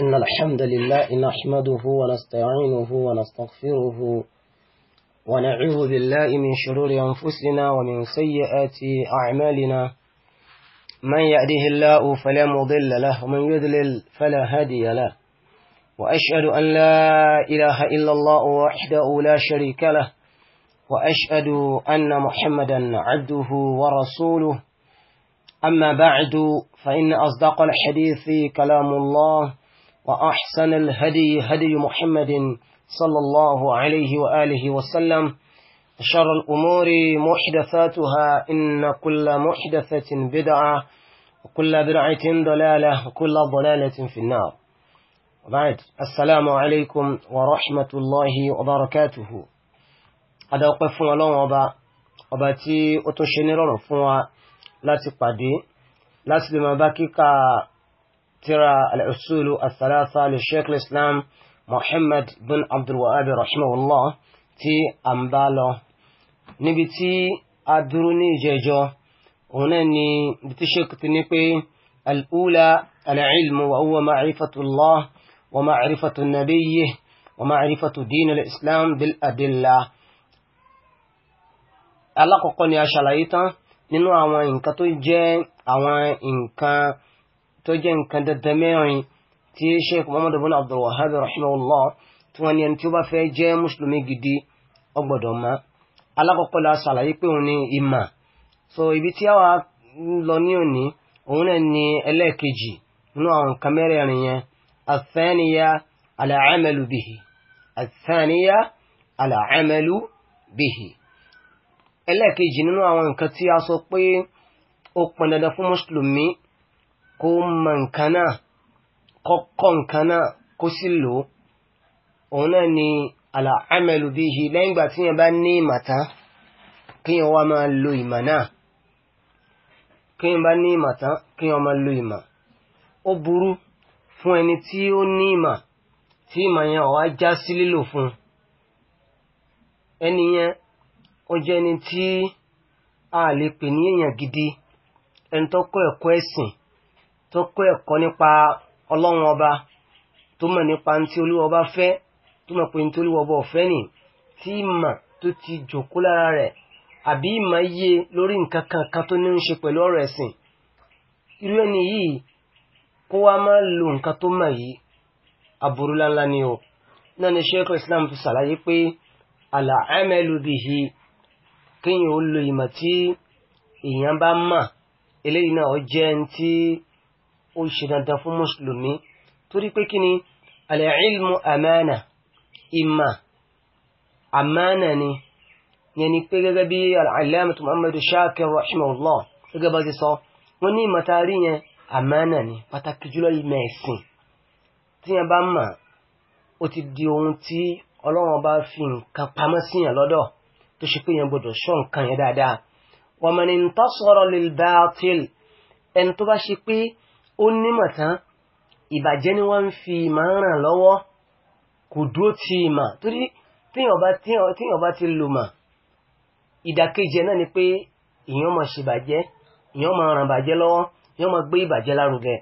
إن الحمد لله نحمده ونستعينه ونستغفره ونعوذ بالله من شرور أنفسنا ومن سيئات أعمالنا من يأده الله فلا مضل له ومن يذلل فلا هادي له وأشهد أن لا إله إلا الله وحده لا شريك له وأشهد أن محمدا عبده ورسوله أما بعد فإن أصدق الحديث كلام الله وأحسن الهدي هدي محمد صلى الله عليه وآله وسلم شر الأمور محدثاتها إن كل محدثة بدعة وكل بدعة ضلالة وكل ضلالة في النار وبعد السلام عليكم ورحمة الله وبركاته هذا وقف الله وبا وباتي أتشنرون فوا لا تقدي لا تبما بكيكا ترى الأصول الثلاثة للشيخ الإسلام محمد بن عبد الوهاب رحمه الله تي أمبالو نبي أدروني جيجو هناني بتشيك تنبي الأولى العلم وهو معرفة الله ومعرفة النبي ومعرفة دين الإسلام بالأدلة الله ni a ṣàlàyé tán nínú àwọn nǹkan tó jẹ́ àwọn tó jẹ́ nǹkan dandan mẹ́rin tí sheikh muhammad ibn abdul wahhab rahimahullah tí wọ́n ní ẹni tí ó bá fẹ́ jẹ́ mùsùlùmí gidi ó gbọ́dọ̀ mọ̀ alákọ̀ọ́kọ́ la ṣàlàyé pé òun ní ìmà so ibi tí a wà lọ ní òní òun náà ní ẹlẹ́ẹ̀kejì nínú àwọn nǹkan mẹ́rẹ̀ẹ̀rin yẹn athaniya al bihi athaniya al bihi ẹlẹ́ẹ̀kejì nínú àwọn nǹkan tí a sọ pé ó pọn dandan fún mùsùlùmí kó mọ nǹkan náà náà kó sì òun náà ni àlàámẹ́lù bí i lẹ́yìn ìgbà tí yẹn bá ní ìmàtá kí yẹn wá máa lo ìmà náà kí yẹn bá ní ìmàtá kí yẹn máa lo ìmà ó burú fún ẹni tí ó ní ìmà tí ìmà yẹn ọ̀wá já sí lílò fún ẹni yẹn ó jẹ́ ẹni tí a lè pè ní èèyàn gidi ẹni tó ẹ̀kọ́ ẹ̀sìn tó kọ́ ẹ̀kọ́ nípa ọlọ́run ọba tó mọ̀ nípa ní tí olúwa ọba fẹ́ tó mọ̀ pé ní tí olúwa ọba ọ̀fẹ́ nì tí ìmọ̀ tó ti jòkó lára rẹ̀ àbí ìmọ̀ yé lórí nǹkan kankan tó ní ń ṣe pẹ̀lú ọ̀rọ̀ ẹ̀sìn irú ẹni yìí kó wá máa lo nǹkan tó mọ̀ yìí aburú ńláńlá ni o náà ni sheikh islam fi ṣàlàyé pé àlà ẹ̀mẹ́lú bìhí kéèyàn ó lo ìmọ̀ tí èèyàn bá mọ̀ eléyìí náà ó jẹ́ ní tí ó ṣe dandan fún mùsùlùmí torí pé kí ni al-ilmu amana ìmà amana ni yẹn ni pé gẹ́gẹ́ bí al-allamah muhammadu shakir rahimahullah gẹ́gẹ́ bá ti sọ wọ́n ní ìmọ̀tàrí yẹn amana ni pàtàkì jùlọ ìmọ̀ ẹ̀sìn tí yẹn bá mà ó ti di ohun tí ọlọ́run bá fi nǹkan ẹni tó bá ṣe pé ó nímọ̀ tán ìbàjẹ́ ni wọ́n ń fi ìmọ̀ ràn lọ́wọ́ kò dúró ti ìmọ̀ torí tíyàn bá ti lò mà. ìdàkejì náà ni pé èèyàn máa ṣèbàjẹ́ èèyàn máa ràn bàjẹ́ lọ́wọ́ èèyàn máa gbé ìbàjẹ́ lárugẹ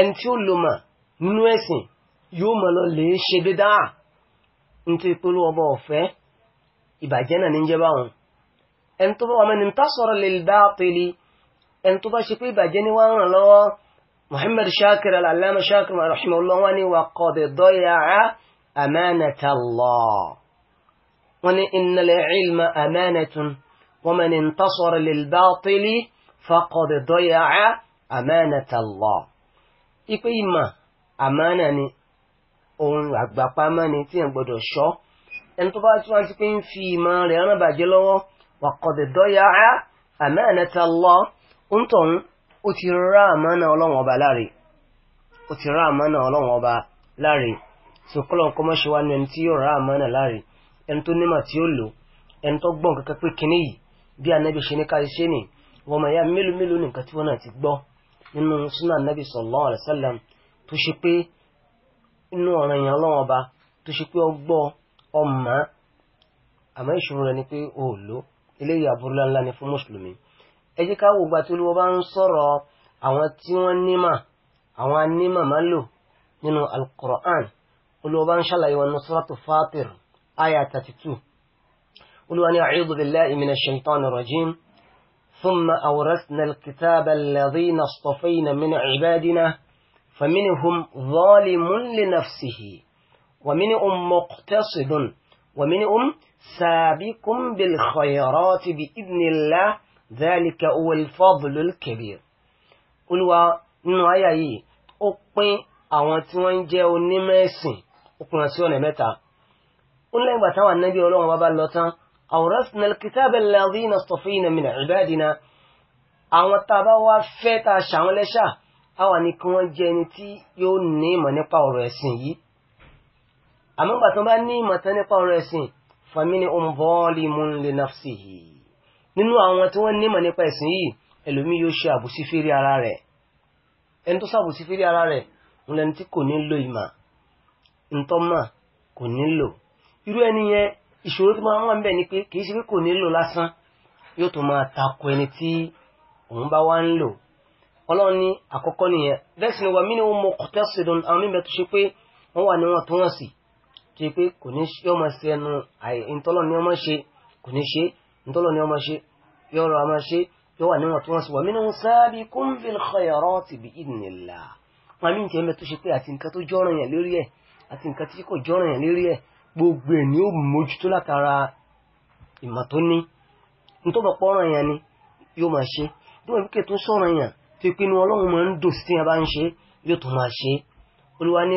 ẹni tí ó lò mọ̀ nínú ẹ̀sìn yóò mọ̀ lọ lè ṣe dédáà nítorí pé olú ọba ọ̀fẹ́ ìbàjẹ́ náà ní jẹ́ báwọn ẹni tó bá wà mẹ́ni tá sọ̀rọ̀ lè bá pèlè ẹni tó bá ṣe pé ìbàjẹ́ ni wọ́n ràn lọ́wọ́ muhammad shakir al-allama shakir rahimahullah wọ́n ní wà kọ̀dẹ̀ dọ́yà amanatallah wọ́n ní innal ilma amanatun wa man intasara lil batili faqad dọ́yà amanatallah ipe ìmọ̀ àmánà ni ohun àgbàpamọ́ ni tí yẹn gbọ́dọ̀ ṣọ́ ẹni tó bá tí wọ́n ti pé fi ìmọ̀ rẹ̀ rán bàjẹ́ lọ́wọ́ wà kọ̀dẹ̀ dọ́yà amanatallah ń tọ̀hún ó ti rá àmánà ọlọ́wọ̀n ọba láre ó ti rá àmánà ọlọ́wọ̀n ọba láre so kọ́lọ̀n kọ́ mọ́ṣe wá ní ẹni tí yóò rá àmánà láre ẹni tó ní káyé ṣe ni wọ́n mọ̀ ya mélòó mélòó sallallahu alaihi wasallam tó ṣe pé inú ọ̀ràn èèyàn ọlọ́wọ̀n ọba tó ṣe pé ọgbọ́ ọmọ àmọ́ ìṣòro rẹ̀ ni pé ńlá ni fún mùsùlùmí ẹ jẹ́ ká wògbà tí olúwa bá ń sọ̀rọ̀ àwọn tí wọ́n nímà àwọn anímà máa lò nínú al-Qur'an olúwa bá ń ṣàlàyé wọn ní suratu Fatir aya 32 olúwa ní a'udhu billahi minash shaitanir rajim ثم أورثنا الكتاب الذين اصطفينا من عبادنا فمنهم ظالم لنفسه ومنهم مقتصد ومنهم سابق بالخيرات بإذن الله ذلك هو الفضل الكبير olúwa nínú àyà yìí ó pín àwọn tí wọ́n ń jẹ́ onímọ̀ ẹ̀sìn ó pín wọn sí ọ̀nà mẹ́ta ó lẹ́yìn ìgbà táwọn anábì ọlọ́run bá lọ tán awrasna alkitab alladhina istafina min ibadina àwọn tá a bá wá fẹ́ tá a ṣàwọn lẹ́ṣà àwa ni kí wọ́n jẹ́ ẹni tí yóò ní ìmọ̀ nípa ọ̀rọ̀ ẹ̀sìn yìí àmọ́ ìgbà tó bá ní ìmọ̀ tán nípa ọ̀rọ̀ ẹ̀sìn faminhum li nafsihi nínú àwọn tí wọ́n nímọ̀ nípa ẹ̀sìn yìí ẹlòmí yóò ṣe àbòsí fèrè ara rẹ̀ ẹni tó ṣàbòsí fèrè ara rẹ̀ ń lẹni tí kò nílò ìmọ̀ ntọ́mọ̀ kò nílò irú ẹni yẹn ìṣòro tó máa ń wà ń bẹ̀ ni pé kì í ṣe pé kò nílò lásán yóò tó máa takò ẹni tí òun bá wá ń lò ọlọ́run ní àkọ́kọ́ nìyẹn bẹ́ẹ̀ sì ni wà mí ni wọ́n mọ kọ́tẹ́sìdùn àwọn mímẹ́ tó ṣe pé wọ́n wà níwọ̀n tó wọ̀n sí tó ṣe pé kò ní yọ́mọ sí ẹnu àìntọ́lọ́ ni wọ́n mọ̀ ṣe kò ní ṣe ntọ́lọ ni ọmọ ṣe yọrọ ọmọ ṣe yọwà níwọ̀n tó wọ́n sì wà mí níwọ̀n sáábì kúnfìl khayrati bi idhnillah wọn mi ń tẹ́ mẹ́tò ṣe pé àti nǹkan tó jọ́ràn yẹn lérí ẹ̀ àti nǹkan tí kò jọ́ràn yẹn lérí ẹ̀ gbogbo ẹ̀ ni ó mójútó látara ìmọ̀ tó ní ntọ́bọ̀ pọ́ràn yẹn ni yóò máa ṣe bí wọ́n kẹ́ tó sọ̀rọ̀ yẹn tó pinnu ọlọ́run máa ń dùn sí ẹ bá ń ṣe yóò tó máa ṣe olúwa ní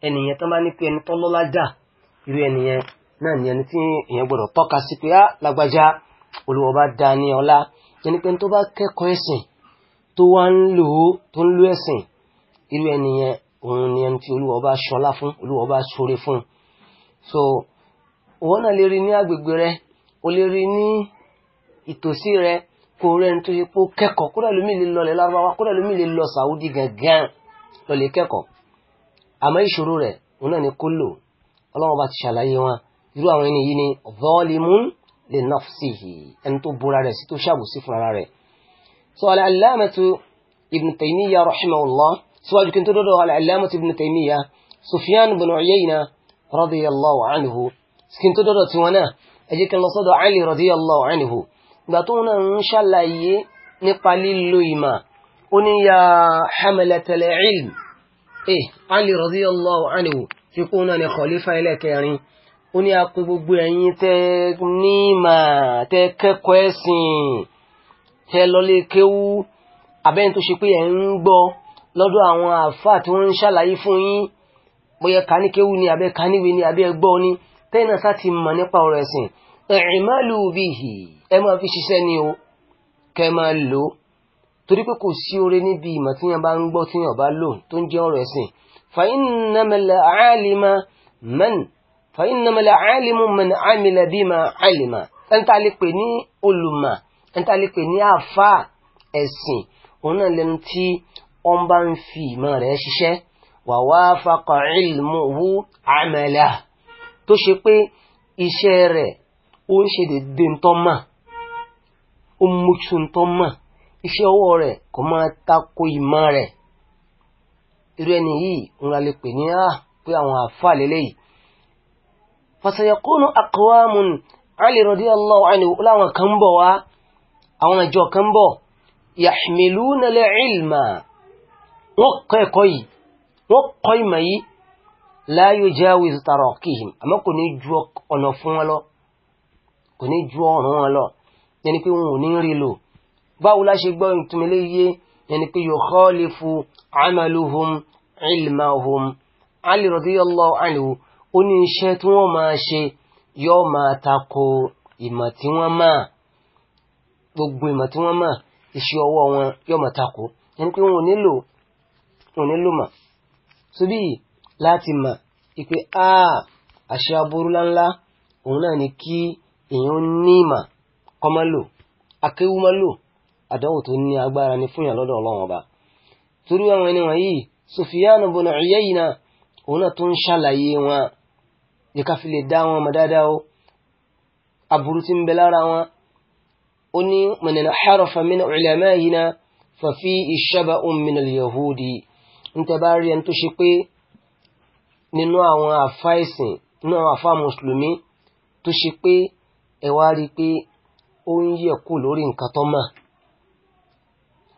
ẹnìyẹn tán bá ní pé ẹni tọ́lọ́lá dà irú ẹnìyẹn náà ni ẹni tí èèyàn gbọ́dọ̀ tọ́ka sí pé á lágbájá olùwọ́ bá da ní ọlá yẹn ni pé tó bá kẹ́kọ̀ọ́ ẹ̀sìn tó wá ń lò ó tó ń lo ẹ̀sìn irú ẹnìyẹn òun ni ẹni tí olùwọ́ bá ṣọlá fún olùwọ́ bá ṣoore fún so òun náà lè rí ní agbègbè rẹ o lè rí ní ìtòsí rẹ kó rẹ ní tó ṣe pé kẹ́kọ̀ọ́ kódà lómi lè lọ lẹ́ àmọ́ ìṣòro rẹ̀ òun náà ni kó lò ọlọ́run bá ti ṣàlàyé wọn irú àwọn ẹni yìí ni zalimun li nafsihi ẹni tó bóra rẹ̀ sí tó ṣàbòsí fún ara rẹ̀ so al-allamatu ibn taymiya rahimahullah síwájú kí n tó dọ́dọ̀ al-allamatu ibn taymiya sufyan bin uyayna radiyallahu anhu kí n tó dọ́dọ̀ eh Ali radiyallahu anhu tí kó náà ni khalifa ẹlẹ́kẹrin ó ní apò gbogbo ẹ̀yin tẹ́ ní mà tẹ́ kẹ́kọ̀ọ́ ẹ̀sìn tẹ́ lọ́lé kéwú abẹ́yìn tó ṣe pé ẹ̀ ń gbọ́ lọ́dọ̀ àwọn àfáà tí wọ́n ń ṣàlàyé fún yín bóyá káníkéwú ni abẹ́ káníwé ni abẹ́ gbọ́ ni tẹ́yìn náà sá ti mọ̀ nípa ọ̀rọ̀ ẹ̀sìn i'malu bihi ẹ máa fi ṣiṣẹ́ ni o kẹ́ máa lò ó torí pé kò sí oore níbi ìmọ̀ tí yẹn bá ń gbọ́ tí yẹn bá lò tó ń jẹ́ ọ̀rọ̀ ẹ̀sìn fàyínàmẹ̀lẹ̀ àálìmà man fàyínàmẹ̀lẹ̀ àálìmù man àmìlẹ̀ bí ma àálìmà ẹni tá a lè pè ní olùmọ̀ ẹni tá a lè pè ní àfà ẹ̀sìn òun náà lẹnu tí wọ́n bá ń fi ìmọ̀ rẹ̀ ṣiṣẹ́ wà wá fakọ̀ ìlmùwú àmàlà tó ṣe pé iṣẹ́ rẹ̀ ó ń ṣe dédé ntọ́mà ó mú tu ntọ́mà. iṣẹ́ ọwọ́ rẹ̀ kò máa tako ìmọ̀ rẹ̀ irú ẹni yìí ńlá lè pè ní à ah, pé àwọn àfáà lélẹ́yìí fasayakunu aqwamun ali radiyallahu ala láwọn kan bọ̀ wá àwọn àjọ kan bọ̀ yahmiluna al-ilma wọ́n kọ́ ẹ̀kọ́ yìí wọ́n kọ́ ìmọ̀ yìí la yujawiz tarakihim àmọ́ kò ní ju ọ̀nà fún wọn lọ kò ní ju ọ̀ràn wọn lọ yẹni pé wọn ò ní rí lò báwo la ṣe gbọ́ ìtumilé yé yẹni pé yukhalifu amaluhum ilmahum Ali radiyallahu anhu ó ní iṣẹ́ tí wọ́n máa ṣe yóò máa tako ìmọ̀ tí wọ́n máa gbogbo ìmọ̀ tí wọ́n máa iṣẹ́ ọwọ́ wọn yóò máa tako yẹni pé wọn nílò nílò mà síbí láti mà ipe a àṣẹ aburú láńlá òun náà ni kí èèyàn ní ìmọ̀ kọ́mọ́lò akéwúmọ́lò àdánwò tó ní agbára ní fún yàn lọ́dọ̀ ọlọ́run ọba torí àwọn ẹni wọ̀nyí Sufyan ibn Uyayna òun náà tó ń ṣàlàyé wọn yẹ ká fi lè dá wọn mọ̀ dáadáa o aburú ti ń bẹ lára wọn ó ní man inharafa min ulama'ina fa fihi shaba'un min al-yahudi ń tẹ́ bá rí ẹni tó ṣe pé nínú àwọn àfá ìsìn nínú àwọn àfá mùsùlùmí tó ṣe pé ẹ wá rí pé ó ń yẹ̀ kú lórí nǹkan tó máa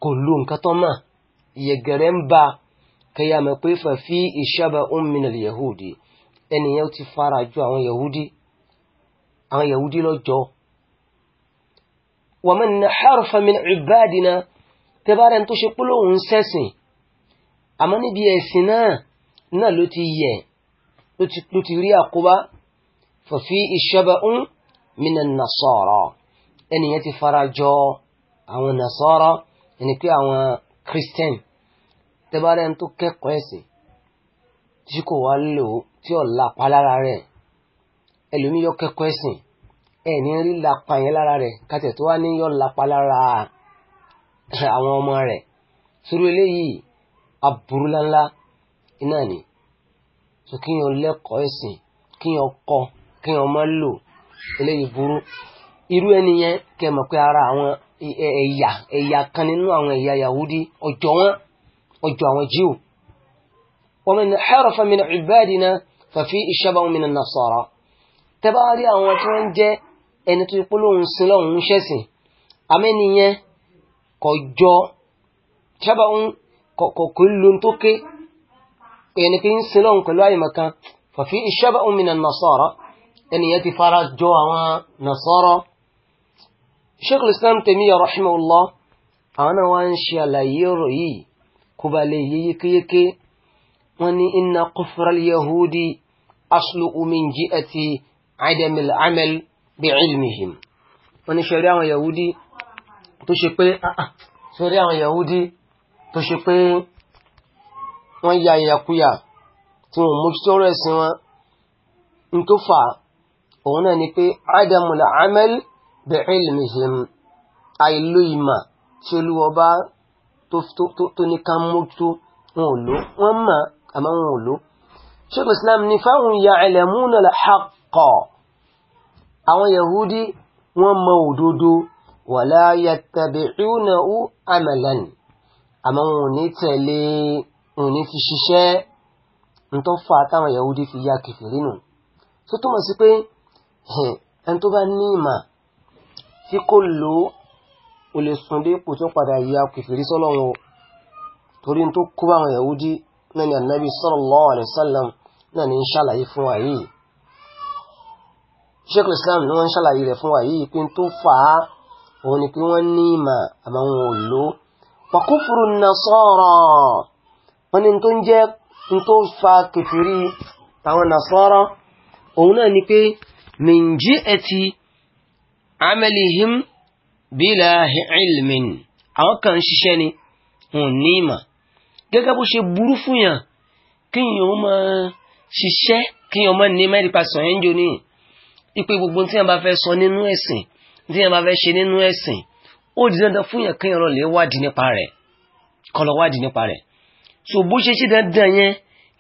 kò lo nǹkan tó mọ̀ ìyẹ̀gẹ̀rẹ̀ ń ba kẹyà mọ̀ pé fàfí ìṣàbà òmìnira yahudi ẹnìyẹn ti fara ju àwọn yahudi àwọn yahudi lọ́jọ́ wà mọ̀ ní harfa min ibadina tẹbárẹ̀ tó ṣe púlò ń sẹ́sìn àmọ́ níbi ẹ̀sìn náà náà ló ti yẹ ló ti rí àkóbá fàfí ìṣàbà òmìnira nasara ẹnìyẹn ti fara jọ àwọn nasara ẹni pé àwọn christian tẹ́bárẹ́ ń tó kẹ́kọ̀ọ́ ẹ̀sìn tí kò wá lò ó tí ò lápá lára rẹ̀ ẹlòmí yọ kẹ́kọ̀ọ́ ẹ̀sìn ẹ̀ ní rí lápá yẹn lára rẹ̀ kátẹ̀ tó wá ní yọ lápá lára àwọn ọmọ rẹ̀ sórí eléyìí aburú ńláńlá iná ni so kí yẹn lẹ́kọ̀ọ́ ẹ̀sìn kí yẹn kọ́ kí yẹn má lò eléyìí burú irú ẹni yẹn kẹ́ pé ara àwọn ẹ̀yà ẹ̀yà kan nínú àwọn ẹ̀yà Yahudi ọjọ́ wọn ọjọ́ àwọn Jíù wa man harafa min ibadina fa fi shab'un min an-nasara tẹ́bárí àwọn tí wọ́n jẹ́ ẹni tó ipò lóhun sin lọ́hun ṣẹ̀sìn amẹ́niyẹn kọjọ shab'un kọkùnlóhun tó ké ẹni pé ń sin lọ́hun pẹ̀lú àyèmọ̀kan fa fi shab'un min an-nasara ẹniyẹn ti fara jọ àwọn nasara sheikh islam tèmíyà rahimahullah àwọn náà wá ń ṣe àlàyé ọ̀rọ̀ yìí kó ba lè yé yékéyéké wọ́n ní inna kufral yahudi aslu min ji'ati adamil amal bi ilmihim wọ́n ní ṣẹ̀rí àwọn yahudi tó ṣe pé ah, ah, ṣẹ̀rí àwọn yahudi tó ṣe pé wọ́n ya ìyàkúyà tí wọ́n mú sí ọ̀rọ̀ wọn n tó fà òun náà ni pé adamul amal bi'ilmihim àìlú ìmà tí olúwọba tó ní ká mójútó wọn ò lò wọ́n mà àmọ́ wọn ò lò ṣégun islam ní fáwọn ya'lamuna al-haqqa àwọn yahudi wọ́n mọ òdodo wala yattabi'unahu amalan àmọ́ wọn ò ní tẹ̀lé wọn ò ní fi ṣiṣẹ́ ntọ́ fà táwọn yahudi fi ya kẹfìrí tó túmọ̀ sí pé ẹni tó bá ní ìmà tí kò lò ó lè sùn dé ipò tó padà ya kìfìrí sọ́lọ́run torí tó kó àwọn Yahudi náà ni Ànábì sallallahu alaihi wasallam náà ni ń ṣàlàyé fún wa yìí Sheikh Islam ni wọ́n ń ṣàlàyé rẹ̀ fún wa yìí pé tó fà á òun ni pé wọ́n ní ìmọ̀ àmọ́ wọn ò lò ó wa kufru nasara wọ́n ni tó ń jẹ́ tó fa kìfìrí àwọn nasara òun náà ni pé min ji'ati amalihim bílà ilmin àwọn kan ṣiṣẹ́ ni wọn ní ìmọ̀ gẹ́gẹ́ bó ṣe burú fún yàn kíyàn ó máa ṣiṣẹ́ kíyàn ó máa ní mẹ́rìnpá sàn ẹ́ ń jò ní ipe gbogbo tí yàn bá fẹ́ sọ nínú ẹ̀sìn tí yàn bá fẹ́ ṣe nínú ẹ̀sìn ó di dandan fún yàn kíyàn lọ́lẹ̀ wádìí nípa rẹ̀ kọlọ wádìí nípa rẹ̀ so bó ṣe ṣe dandan yẹn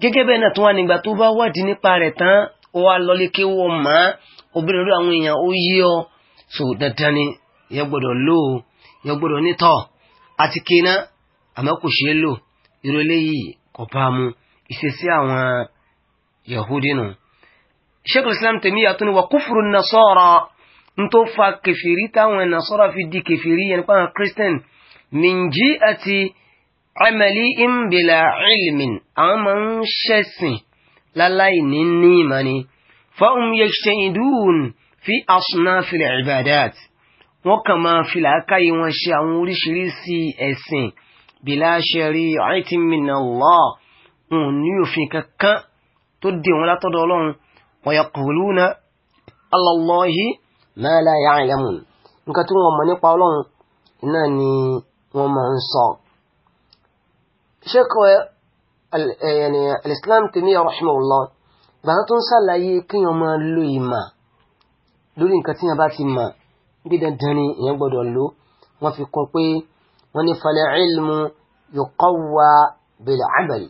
gẹ́gẹ́ bẹ́ẹ̀ náà tó wà nígbà tó bá wádìí nípa rẹ̀ tán ó wá lọ́lé kéwọ́ mọ́ obìnrin lórí àwọn èèyàn ó yí ọ so dandan ni yẹn gbọ́dọ̀ lò ó yẹn gbọ́dọ̀ nítọ̀ àti kéna àmọ́ kò ṣeé lò irú eléyìí kò bá mu ìṣesí àwọn yahudi nù. sheikul islam tèmíyà tó ní wa kúfùrù nasara n tó fa kẹfìrí táwọn nasara fi di kẹfìrí yẹn nípa àwọn christian minji àti amali imbila ilmin àwọn máa ń ṣẹ̀sìn láláì ní ní ìmọ̀ ni fa um yajtahidun fi asnafil ibadat wọ́n kàn máa fi làákàyè wọn ṣe àwọn oríṣiríṣi ẹ̀sìn bila shari'atin min Allah wọn ní òfin kankan tó dé wọn látọ̀dọ̀ ọlọ́run wa yaquluna ala Allahi ma la ya'lamun nǹkan tí wọ́n mọ̀ nípa ọlọ́run náà ni wọ́n máa ń sọ. Sheikh eh, al-Islam Taymiyya rahimahullah bàtà tó ń sàlàyé kí wọ́n máa lo ìmọ̀ lórí nǹkan tí wọ́n bá ti mọ̀ bí dandan ni èèyàn gbọ́dọ̀ lò wọ́n fi kún pé wọ́n ní falẹ̀ ilmu yuqawwa bil amal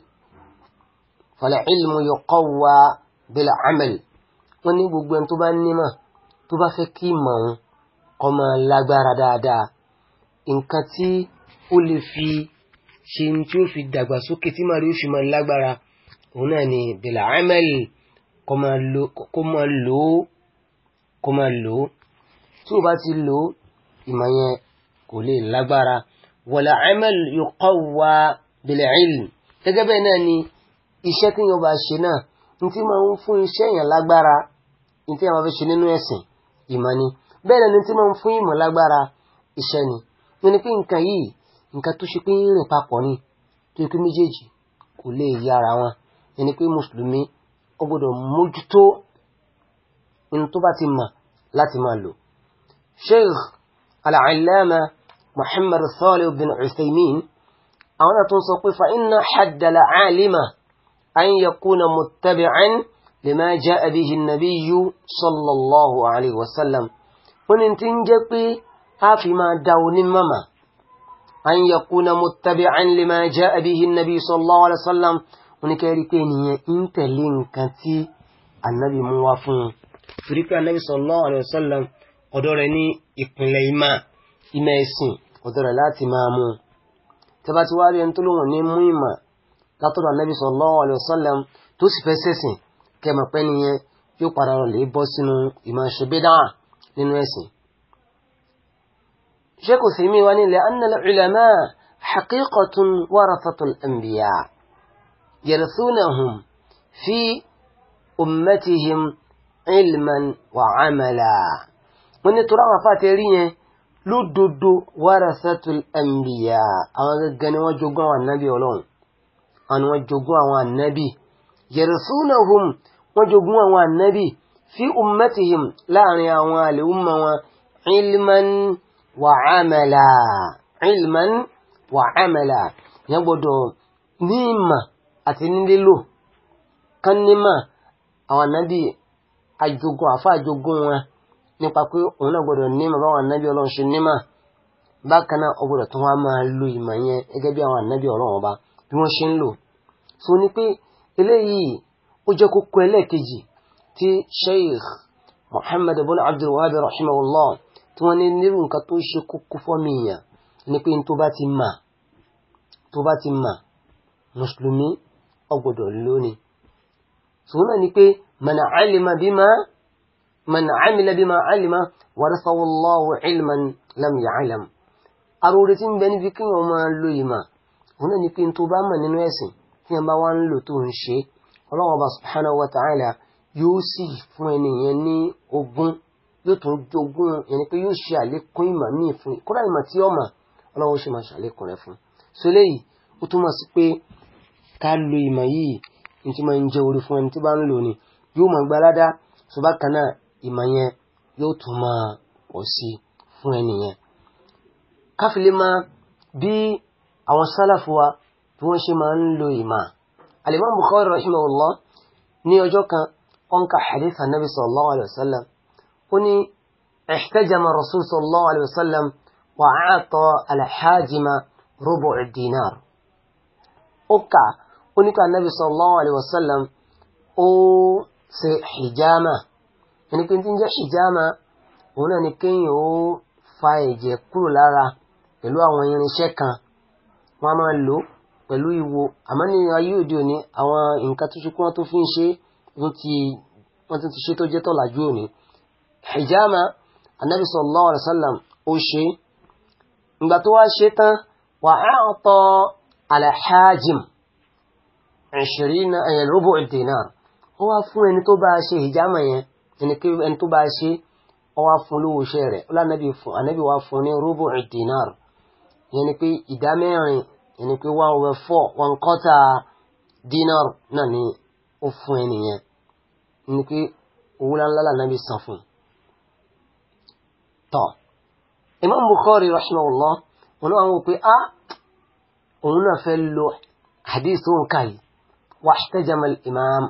falẹ̀ ilmu yuqawwa bil amal wọ́n ní gbogbo ẹni tó bá nímọ̀ tó bá fẹ́ kí ìmọ̀ òun kó máa lágbára dáadáa nǹkan tí ó lè fi ṣe tí ó fi dàgbàsókè tí màrí ó fi máa lágbára òun náà ni bil amal kó máa lò ó kó máa lò ó tí ó bá ti lò ó ìmọ̀ yẹn kò lè lágbára wala amal yuqawwa bil ilm gẹ́gẹ́ bẹ́ẹ̀ náà ni iṣẹ́ tí yọba ṣe náà ní tí máa ń fún iṣẹ́ yẹn lágbára ní tí a máa fi ṣe nínú ẹ̀sìn ìmọ̀ ni bẹ́ẹ̀ ni tí máa ń fún ìmọ̀ lágbára iṣẹ́ ni wọ́n ni pé nǹkan yìí nǹkan tó ṣe pé rìn papọ̀ ni tó yẹ pé méjèèjì kò lè yára wọn ẹni pé mùsùlùmí ó mójútó in tó bá ti mọ̀ láti máa lò. sheikh al'alama muhammad salih bin usaimin àwọn àtún sọ pé fa inna haddala alima an yakuna muttabi'an lima ja'a bihi an-nabiyyu sallallahu alaihi wasallam wani tí ń jẹ́ pé a fi máa da oní mama an yakuna muttabi'an lima ja'a bihi an-nabiyyu sallallahu alaihi wasallam wani kẹ́rí pé nìyẹn ń tẹ̀lé nǹkan tí annabi mú wá fún un torí pé anabi sallallahu alaihi wasallam ọ̀dọ̀ rẹ̀ ní ìpìlẹ̀ ìmà ìmà ẹ̀sìn ọ̀dọ̀ rẹ̀ láti máa mú un tẹ́bá ti wá rí ẹni tó lóhùn ní mú ìmà látọ̀dọ̀ anabi sallallahu alaihi wasallam tó sì fẹ́ sẹ̀sìn kẹmọ̀ pẹ́ nìyẹn yóò padà ummatihim ilman wa amala wọ́n ní torí àwọn afáàtẹ́ rí yẹn lódodo warasatul anbiya àwọn gẹ́gẹ́ ni wọ́n jogún àwọn ànábì ọlọ́run àwọn wọ́n jogún àwọn ànábì yẹ̀rẹ̀súnàhùn wọ́n jogún àwọn ànábì fi ummatihim láàrin àwọn àlèúmọ̀ wọn ilman wa amala ilman wa amala yẹn gbọ́dọ̀ ní ìmọ̀ àti nílélò kan nímọ̀ àwọn ànábì ajogun àfa ajogun wọn nípa pé òun náà gbọdọ̀ nímọ̀ báwọn anábì ọlọ́run ṣe nímọ̀ bákan náà ó gbọdọ̀ tún wá máa lo ìmọ̀ yẹn gẹ́gẹ́ bí àwọn anábì ọlọ́run ọba bí wọ́n ṣe ń lò so ni pé eléyìí ó jẹ́ kókó ẹlẹ́ẹ̀kejì tí sheikh muhammad ibn abdul rahimahullah tí wọ́n ní nírú nǹkan tó ṣe kókó fọ́mìyàn ni pé tó bá ti mà tó bá ti mà mùsùlùmí ó gbọdọ̀ lónìí so náà ni pé من 'alima بما من عمل بما 'alima warathahu الله علما لم يعلم aróore tí ń bẹ níbi kí wọ́n máa lo ìmọ̀ òun náà ni pé tó bá mọ̀ nínú ẹ̀sìn tí wọ́n bá wá ń lò tó ń ṣe Ọlọ́hun Ọba subhanahu wa ta'ala yóò sì fún ẹnìyàn ní ogún yóò tún jogún yẹn pé yóò ṣe àlékún ìmọ̀ míì fún kódà ìmọ̀ tí ó mọ̀ Ọlọ́hun ṣe máa ṣàlékún rẹ̀ fún so ó túmọ̀ sí pé ká lo ìmọ̀ yìí ní ti máa ń jẹ́ orí fún ẹni tí bá ń lò ni yóò mọ̀ gbalada ṣùgbọ́n kan náà ìmọ̀ yẹn yóò tún mọ̀ ọ́ sí fún ẹnìyẹn. káfílì máa bí àwọn sálàfù wa bí wọ́n ṣe máa ń lo ìmọ̀. Al-Imam Bukhari rahimahullah ní ọjọ́ kan wọ́n ka hadith anabi sallallahu alayhi wa sallam ó ní ihtajama rasul sallallahu alayhi wa sallam wa aata alhajima rubu dinar. ó kà ó ní ká anabi sallallahu alayhi wa sallam ó ṣe hijama ẹni pé tí ń jẹ́ hijama òun náà ni kéèyàn ó fa ẹ̀jẹ̀ kúrò lára pẹ̀lú àwọn irinṣẹ́ kan wọ́n á máa lò pẹ̀lú ìwo àmọ́ ní ayé òde òní àwọn nǹkan tó ṣekú wọn tó fi ń ṣe wọ́n ti ṣe tó jẹ́ tọ́làjú òní hijama anabi sallallahu alaihi wasallam ó ṣe ìgbà tó wá ṣe tán wà á tọ́ alahajim 20 eh, rubu dinar ó wá fún ẹni tó bá ṣe hijama yẹn ẹni tó bá ṣe ó wá fún lówó iṣẹ́ rẹ̀ ó lànàbí fún ànàbí wá fún ní rúbù dinar yẹn ni pé ìdá mẹ́rin yẹn ni pé one over four one quarter dinar náà ni ó fún ẹni yẹn ni pé owó ńláńlá lànàbí san fún tọ́ Imam Bukhari rahimahullah wọn náà wọ́n pé a ah, òun náà fẹ́ lo hadith tó ń kà yìí wàhítẹ́jàmẹ́l imam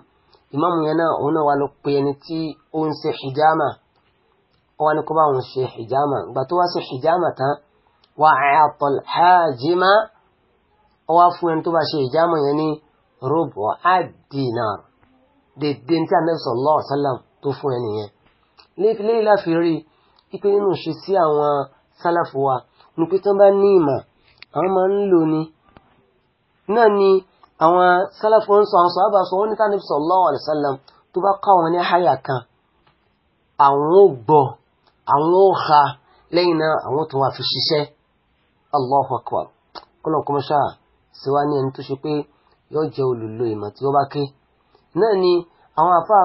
ìmáàmù yẹn náà òun náà wà ló pe ẹni tí ó ń ṣe hijama ó wá ní kó bá òun ṣe hijama ìgbà tó wá ṣe hijama tán wà àtọ̀l hajima ó wá fún ẹni tó bá ṣe hijama yẹn ní rubu adinar dèdè tí anabi sallallahu alaihi tó fún ẹni yẹn léyìí láfi rí ipe nínú ṣe sí àwọn sálàfù wa ní pé tí wọn bá ní ìmọ̀ àwọn máa ń lò ní náà ni àwọn sálàfù ń sọ àwọn sọ́ábà sọ wọ́n ní ká níbi sallallahu alaihi wasallam tó bá kọ́ àwọn ní háyà kan àwọn ò gbọ́ àwọn ò ha lẹ́yìn náà àwọn tó wà fi ṣiṣẹ́ Allahu akbar kọ́lọ̀ kọ́mọ́ṣà síwá ní ẹni tó ṣe pé yóò jẹ́ olùlò ìmọ̀ tí ó bá ké náà ni àwọn àfa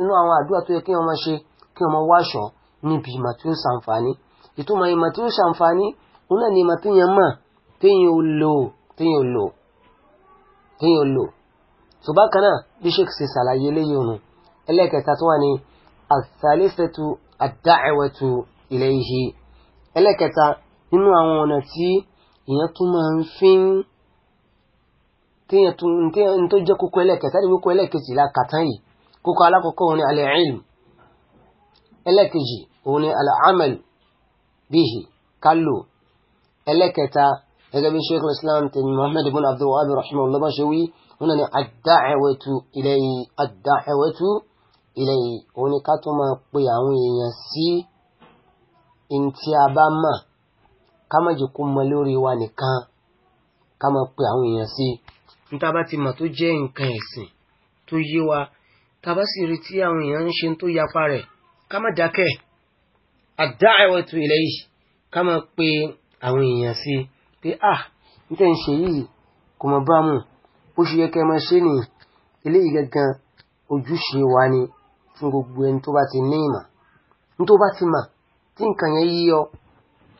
inú àwọn àdúrà tó yẹ kí wọ́n máa ṣe kí wọ́n máa wáṣọ níbi ìmọ̀ tí ó ṣàǹfààní ìtumọ̀ ìmọ̀ tí ó ṣàǹfààní òun náà ni ìmọ̀ tí yẹn mọ̀ téèyàn ò lò téèyàn ò lò téèyàn lò tó bá kan náà bí sheikh ṣe ṣàlàyé léyìn òun ẹlẹ́ẹ̀kẹta tó wà ní àtàlẹ́sẹ̀tù àdáẹ̀wẹ̀tù ilẹ̀ ihe ẹlẹ́ẹ̀kẹta nínú àwọn ọ̀nà tí èèyàn tún máa ń fi ń téèyàn tún tó jẹ́ kókó ẹlẹ́ẹ̀kẹta ní kókó ẹlẹ́ẹ̀kejì la kàtán yìí kókó alákọ̀ọ́kọ́ òun ni al-ilm ẹlẹ́ẹ̀kejì òun ni al-amal bihi kálò ẹlẹ́ẹ̀kẹta gẹ́gẹ́ bí sheikh islam ti muhammad ibn abdul wahab rahimahullah bá ṣe wí wọn náà ni ad-da'watu ilay ad-da'watu ilay òun ni ká tó máa pe àwọn èèyàn sí in tí a bá mà ká má jẹ́ kó mọ lórí wa nìkan ká máa pe àwọn èèyàn sí n tá a bá ti mà tó jẹ́ nǹkan ẹ̀sìn tó yé wa tá a bá sì rí tí àwọn èèyàn ń ṣe tó yapa rẹ̀ ká má dákẹ́ ad-da'watu ilay ká máa pe àwọn èèyàn sí i pé à ah, nítẹ̀ ń ṣe yìí kò mọ̀ bá mú ó ṣe yẹ kẹ́ mọ́ ṣe ni eléyìí gangan ojúṣe wa ni fún gbogbo ẹni tó bá ti ní ìmọ̀ ní tó bá ti mà tí nǹkan yẹn yí ọ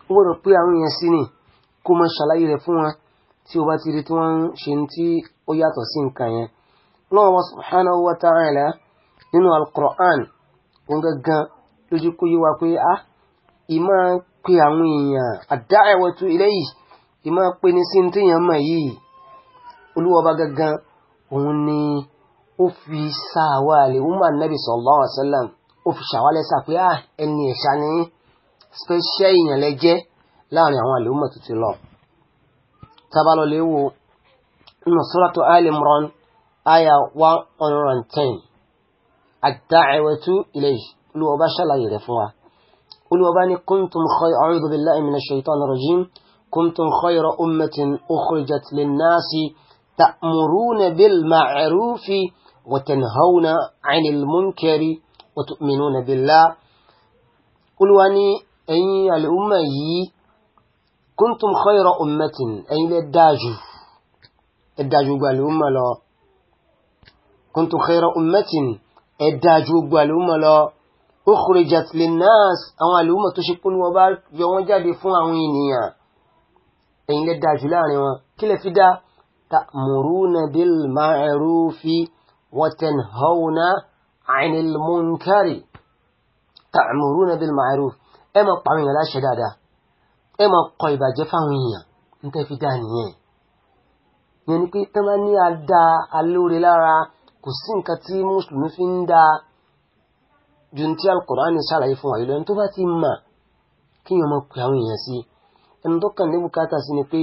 ó gbọ́dọ̀ pé àwọn èèyàn sí ni kó mọ ṣàlàyé rẹ̀ fún wọn tí o bá ti rí tí wọ́n ń ṣe tí ó yàtọ̀ sí nǹkan yẹn lọ́wọ́ wa subhanahu wa ta'ala nínú al-Qur'an òun gangan lójú kó yí wa pé ah ìmọ̀ pé àwọn èèyàn ad-da'watu ilayhi ìmọ̀ pé ní sí tí èèyàn mọ̀ yìí olúwọba gangan òun ni ó fi sáàwà lè umar nabi sallallahu alaihi wasallam ó fi ṣàwálẹ̀ sà pé ah, ẹni ẹ̀ṣà ní ṣẹ́ èèyàn lẹ́jẹ́ láàrin àwọn àlèhùmọ̀ tuntun lọ tabalọ lè wo nínú suratu Ali Imran aya 110 ad-da'watu ilayhi olúwọba ṣàlàyé rẹ̀ fún wa olúwọba ní kuntum khayra a'udhu billahi minash shaitanir rajim كنتم خير أمة أخرجت للناس تأمرون بالمعروف وتنهون عن المنكر وتؤمنون بالله قل واني أي الأمة كنتم خير أمة أي الداجو الداجو قال الأمة لا كنتم خير أمة الداجو قال الأمة لا أخرجت للناس أو الأمة تشكون وبارك يوم جادي فوعين ẹ̀yin lẹ dáa jù láàrin wọn kí lẹ fi dá ta'muruna bil ma'rufi wa tanhauna 'anil munkari ta'muruna bil ma'ruf ẹ máa pa àwọn èèyàn láṣẹ dáadáa ẹ máa kọ ìbàjẹ́ fáwọn èèyàn ń tẹ́ fi dá nìyẹn yẹn ni pé tán bá ní adá alóore lára kò sí nǹkan tí mùsùlùmí fi ń dá ju ti alukọ̀rọ̀ á ní sàlàyé fún wa yìí lọ ẹni tó bá ti mà kí èèyàn máa pè àwọn èèyàn sí i ẹni tó kàn ní bùkátà sí ni pé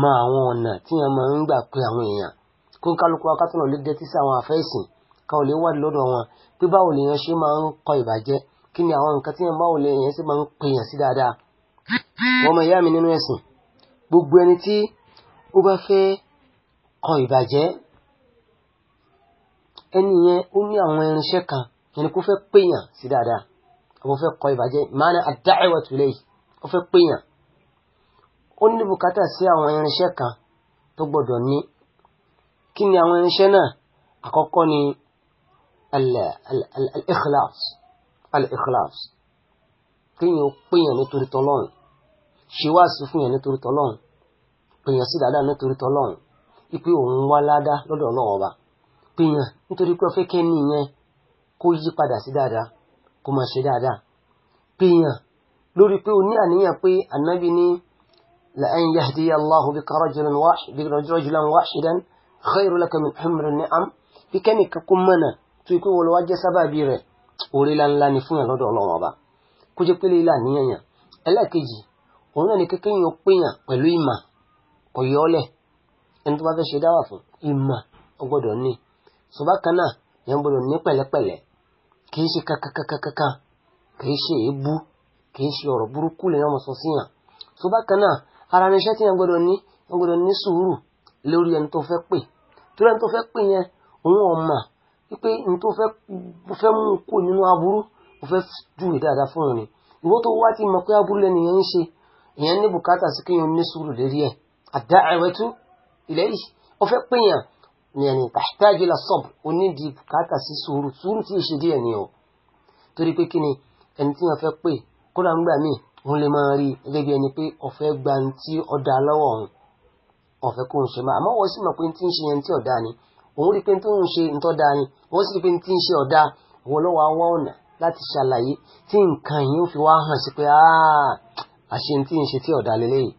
mọ àwọn ọ̀nà tí wọ́n máa ń gbà pé àwọn èèyàn kó kálukú akátọ̀nà lè dẹ́tí sí àwọn àfẹ́sìn káwọn lè wà lọ́dọ̀ wọn pé báwo lèèyàn ṣe máa ń kọ ìbàjẹ́ kí ni àwọn nǹkan tí wọ́n báwo lèèyàn ṣe máa ń pè yàn sí dáadáa. wọ́n mọ ìyá mi nínú ẹ̀sìn gbogbo ẹni tí ó bá fẹ́ kọ ìbàjẹ́ ẹni yẹn ó ní àwọn irinṣẹ́ kan ẹni kó fẹ́ pèèyàn sí dáadáa àwọn fẹ́ kọ ìbàjẹ́ ma'ana ó ní bùkátà sí àwọn irinṣẹ́ kan tó gbọ́dọ̀ ní kí ni àwọn irinṣẹ́ náà àkọ́kọ́ ni al-ikhlas al-ikhlas kíyàn péyàn nítorí tọ́lọ́run ṣe wá sí fún yàn nítorí tọ́lọ́run péyàn sí dáadáa nítorí tọ́lọ́run ipe òun wá ládá lọ́dọ̀ ọlọ́wọ́ ọba péyàn nítorí pé ọfẹ́ kẹ́ni yẹn kó yí padà sí dáadáa kó máa ṣe dáadáa péyàn lórí pé o ní àníyàn pé ànábì ní. لأن يهدي الله بك رجلا واحد رجلا واحدا خير لك من حمر النعم بكني ككمنا تيكو والواجه سبابي ري أولي لان لا نفونا لدو الله وبا كجي قلي لا نيانيا ألا كجي ona ni kékeré yóò pèèyàn pẹ̀lú ìmà kò yọ ọlẹ̀ ẹni tó bá fẹ́ ṣe dáwà fún ìmà ó gbọ́dọ̀ ní ṣùgbọ́n kan náà yẹn gbọ́dọ̀ ní pẹ̀lẹ́pẹ̀lẹ́ kì í ṣe kankankankan kì í ṣe èébú kì í ṣe ọ̀rọ̀ burúkú lè yàn mọ̀ sọ síyàn ṣùgbọ́n kan náà ara ní iṣẹ́ tí yẹn gbọ́dọ̀ ní yẹn gbọ́dọ̀ ní sùúrù lórí ẹni tó fẹ́ pè torí ẹni tó fẹ́ pè yẹn òun ọ̀mà wípé ní tó fẹ́ mú kó nínú aburú ó fẹ́ júwe dáadáa fún òun ni ìwọ tó wá ti mọ̀ pé aburú lẹ́nu yẹn ń ṣe ìyẹn ní bùkátà sí kí yẹn ní sùúrù lérí ẹ̀ àdá ẹ̀wẹ̀tú ilẹ̀ yìí ó fẹ́ pè yẹn yẹn ni tàhítájì la sọ̀b onídìí bùkátà sí sùúrù sùúrù tí ì ṣe díẹ̀ ni o torí pé kí òun lè máa rí gẹ́gẹ́ bí ẹni pé ọ̀fẹ́ gba ní tí ọ̀dà lọ́wọ́ òun ọ̀fẹ́ kò ń ṣe máa àmọ́ wọ́n sì mọ̀ pé tí ń ṣe yẹn tí ọ̀dà ni òun rí pé tó ń ṣe ìtọ́dà ni wọ́n sì rí pé tí ń ṣe ọ̀dà òun lọ́wọ́ àwọn ọ̀nà láti ṣàlàyé tí nǹkan yìí ó fi wá hàn sí pé àṣe tí ń ṣe tí ọ̀dà lélẹ́yìí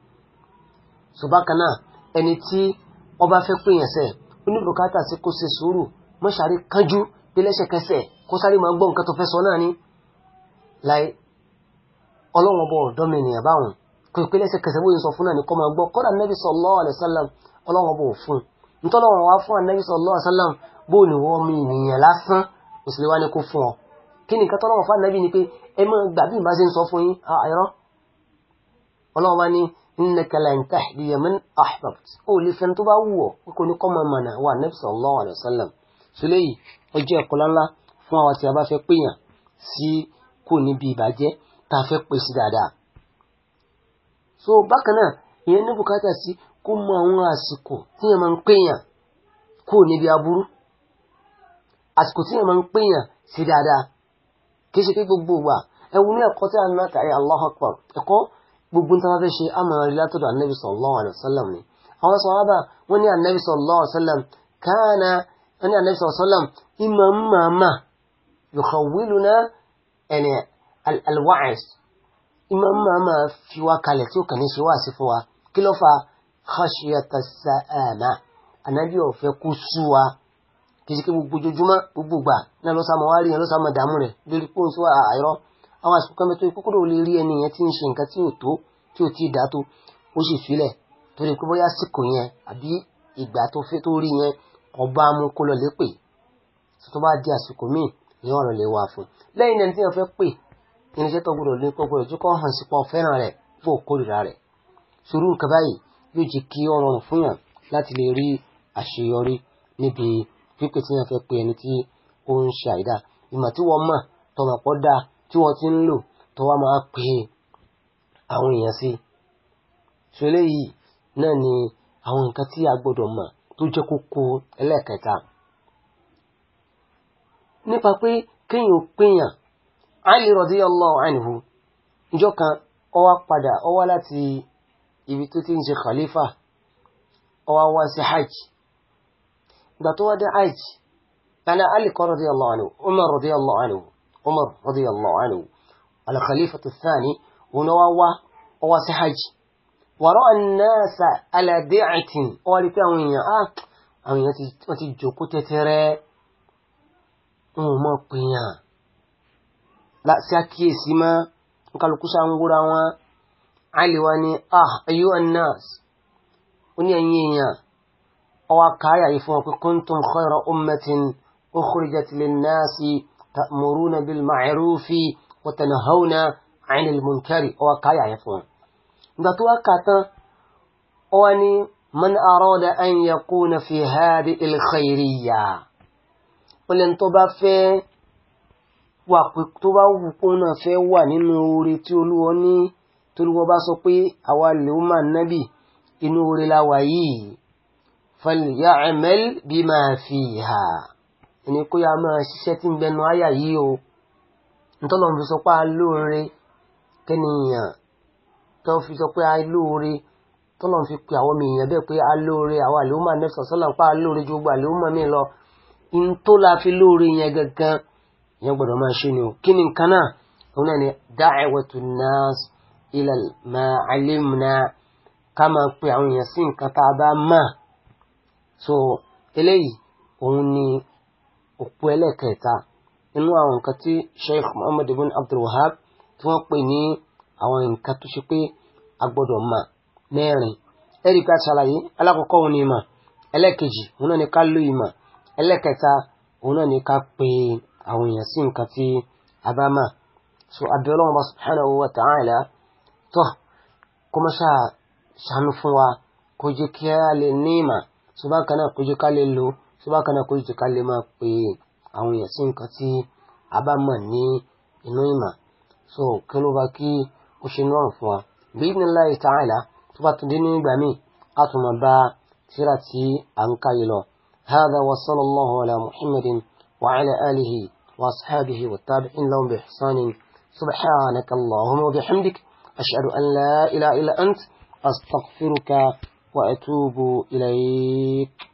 ṣùgbọ́n kan náà ẹni tí ọba fẹ́ pè yẹn sẹ́ ni láì ọlọ́run ọbọ̀ ọ̀dọ́mọ ènìyàn báwọn kò ìpínlẹ̀ ṣẹkẹsẹ̀ bóyá sọ fún náà ní gbọ́ kọ́dà nẹ́bí sallallahu alaihi wasallam ọlọ́run ọbọ̀ fún ntọ́lọ́run wá fún anẹ́bí sallallahu alaihi wasallam ni wọ́n mi ènìyàn lásán mùsùlùmí wá ní kó fún ọ kí ni kátó ọlọ́run fún anẹ́bí ni pé ẹ máa gbà bí ah, man ahbabt ó lè fẹ́ni tó bá wù ọ́ kó ní kọ́ sallallahu alaihi wasallam sọlẹ́ yìí ó jẹ́ ẹ̀kọ́ láńlá fún àwọn tí a tá a fẹ́ pèsè dáadáa. so bákan náà ìyẹn ní bùkátà sí kó mọ àwọn àsìkò tí yẹn máa ń pèèyàn kó níbi aburú àsìkò tí yẹn máa ń pèèyàn sí dáadáa kìí ṣe pé gbogbo wa ẹwù ní ẹ̀kọ́ tí a ń látàrí Allahu Akbar ẹ̀kọ́ gbogbo tí wọ́n fẹ́ ṣe àmọ́ rí látọ̀dọ̀ anabi sallallahu alayhi ni àwọn sọ̀rọ̀bà wọ́n ní anabi sallallahu alayhi sallam káàna wọ́n ní anabi sallallahu alayhi sallam ìmọ̀ mọ̀ọ́mà yukhawwiluna ẹ̀nìyàn alwaes ìmọ̀ máa máa fi wá kalẹ̀ tí ó kàn ní ṣe wá sí fún wa kí ló fa khashiyata sa'ama anabi ọ̀fẹ́ kó sú wa kì í ṣe pé gbogbo ojoojúmọ́ gbogbo gbà náà lọ́sàá máa wá rí yẹn lọ́sàá máa dààmú rẹ̀ lórí pé òun sí wa àìrọ́ àwọn àsìkò kan mẹ́tọ́ kókó ló lè rí ẹni yẹn tí ń ṣe nǹkan tí ò tó tí ò tí ì dá tó ó sì filẹ̀ torí pé bóyá àsìkò yẹn àbí ìgbà tó fẹ́ tó rí yẹn ọba amú kó lọ lé pè tó bá di àsìkò míì ìyẹn ọ̀rọ̀ lè wà fún lẹ́yìn náà tí wọ́n fẹ́ pè irinṣẹ́ tó gbọdọ̀ lé pọ́pọ́ tó kọ́ hàn sí pọ́ fẹ́ràn rẹ̀ fò kórìíra rẹ̀ sùúrù nǹkan báyìí yóò jẹ́ kí ó rọrùn fún yàn láti lè rí àṣeyọrí níbi pípé tí yàn fẹ́ pe ẹni tí ó ń ṣe àìdá ìmọ̀ tí wọ́n mọ̀ tọ̀nà pọ̀ dáa tí wọ́n ti ń lò tó wá máa pe àwọn èèyàn sí so eléyìí náà ni àwọn nǹkan tí a gbọdọ̀ mọ̀ tó jẹ́ kókó ẹlẹ́ẹ̀kẹta nípa pé kéèyàn péyàn Ali radiyallahu anhu ìjọ kan ó wá padà ó wá láti ibi tó ti ń ṣe khalifa ó wá wá sí hajj ìgbà tó wá dé hajj lánàá Ali kọ́ radiyallahu anhu Umar radiyallahu anhu Umar radiyallahu anhu al-khalifatu thani òun wá wá ó wá sí hajj wàrọ̀ annáṣà aládéàtìn ó rí pé àwọn èèyàn á ah, àwọn èèyàn ti jókòó tẹ́tẹ́rẹ́ wọn mọ̀ pèèyàn sí àkíyèsí mọ́ nkàlùkù ṣàǹgóra wọn àìlèwà ni ah ayu nas ó ní ẹ̀yìn èèyàn ọwọ́ káyà yìí fún kuntum khayra ummatin ukhrijat linnasi ta'muruna bil ma'ruf wa tanahawna 'anil munkari ọwọ́ káyà yìí fún ìgbà tó wá kà tán ọwọ́ ni man arada an yakuna fi wà pé tó bá wù kó náà fẹ́ wà nínú oore tí olúwọ ní tolúwọ bá sọ pé àwa lè ó máa nábì inú oore la wà yìí falya'mal bima fiha ẹni kó yá máa ṣiṣẹ́ tí ń bẹnu àyà yìí o nítọ́lọ́run fi sọ pé a lóore kẹ́niyàn tó fi sọ pé a lóore tọ́lọ́run fi pe àwọn èèyàn bẹ́ẹ̀ pé a lóore àwọn àlè máa nẹ́sọ̀ sọ́lá ń pa a lóore ju gbogbo àlè ó mi lọ in tó la fi lóore yẹn gangan yẹn gbọ́dọ̀ máa ṣe ni o kí ni nǹkan náà òun náà ni da'watu nas ila ma alimna ká máa pe àwọn èèyàn sí nǹkan tá a bá mọ̀ so eléyìí òun ni òpó ẹlẹ́kẹta nínú àwọn nǹkan tí Sheikh Muhammad ibn Abdul Wahab tí wọ́n pè ní àwọn nǹkan tó ṣe pé a gbọ́dọ̀ mọ̀ mẹ́rin ẹ̀rí ká ṣàlàyé alákọ̀ọ́kọ́ òun ni ìmọ̀ ẹlẹ́kejì òun náà ni ká lò ìmọ̀ ẹlẹ́kẹta òun náà ni ká pe àwọn èèyàn sí nǹkan tí a bá mà so abẹ́ ọlọ́run bá subhanahu wa ta'ala tọ́ kó má ṣáà ṣàánú fún wa kó jẹ́ kí a lè ní ìmà tó bá kan náà kó jẹ́ ká lè lo tó bá kan náà kó jẹ́ ká lè máa pe àwọn èèyàn sí nǹkan tí a bá mà ní inú ìmà so kí ló bá kí ó ṣe ní ọ̀rùn fún wa bí ní láì ta'ala tó bá tún dé ní ìgbà míì a tún máa bá tíra tí a ń káyè lọ هذا وصلى الله على محمد وعلى آله وأصحابه والتابعين لهم بإحسان سبحانك اللهم وبحمدك أشهد أن لا إله إلا أنت أستغفرك وأتوب إليك